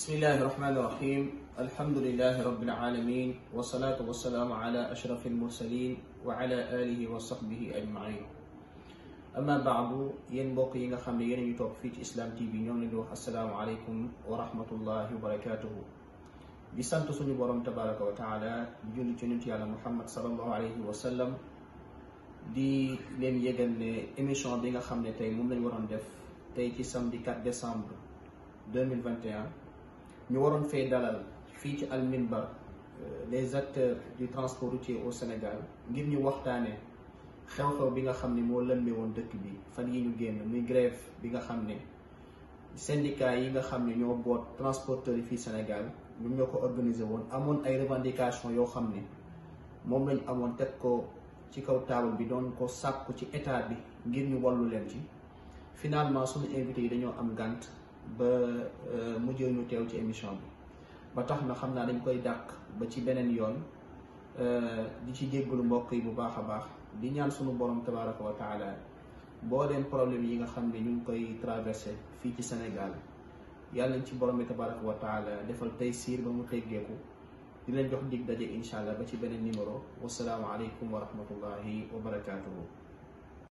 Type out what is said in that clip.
بسم الله الرحمن الرحيم الحمد لله رب العالمين والصلاة والسلام على أشرف المرسلين وعلى آله وصحبه أجمعين أما بعد ينبقي نخمين يتوفيت إسلام تي بي السلام عليكم ورحمة الله وبركاته بسانت سنة برم تبارك وتعالى بجنة جنتي على محمد صلى الله عليه وسلم دي لم يجن إميشان دي نخمين تي ممن ورم دف تي كسام دي 4 ديسمبر 2021 ñu waroon fee dalal fii les acteurs du transport routier au Sénégal ngir ñu waxtaanee xew-xew bi nga xam ne moo lëmbee woon dëkk bi fan yi ñu génn muy grève bi nga xam syndicat yi nga xam ñoo boot transporteurs yi fii Sénégal ñoom ñoo ko organisé woon amoon ay revendications yoo xam ne moom lañ amoon teg ko ci kaw taabal bi doon ko sàkku ci état bi ngir ñu wallu leen ci finalement suñu invité dañoo am gànt ba euh, mujjee ñu teew ci émission bi ba tax na xam naa dañ koy dàq ba ci beneen yoon euh, di ci jéggalu mbokk yi bu baax a baax di ñaan suñu borom tabaraka wa taala mbooleem problème yi nga xam ne ñu ngi koy traversé fii ci Sénégal yàlla nañ ci borom bi tabaraka wa taala defal tey siir ba mu teggeeku di leen jox dig daje incha allah ba ci beneen numéro wasalaamu aleykum wa rahmatullahi wa barakaatuhu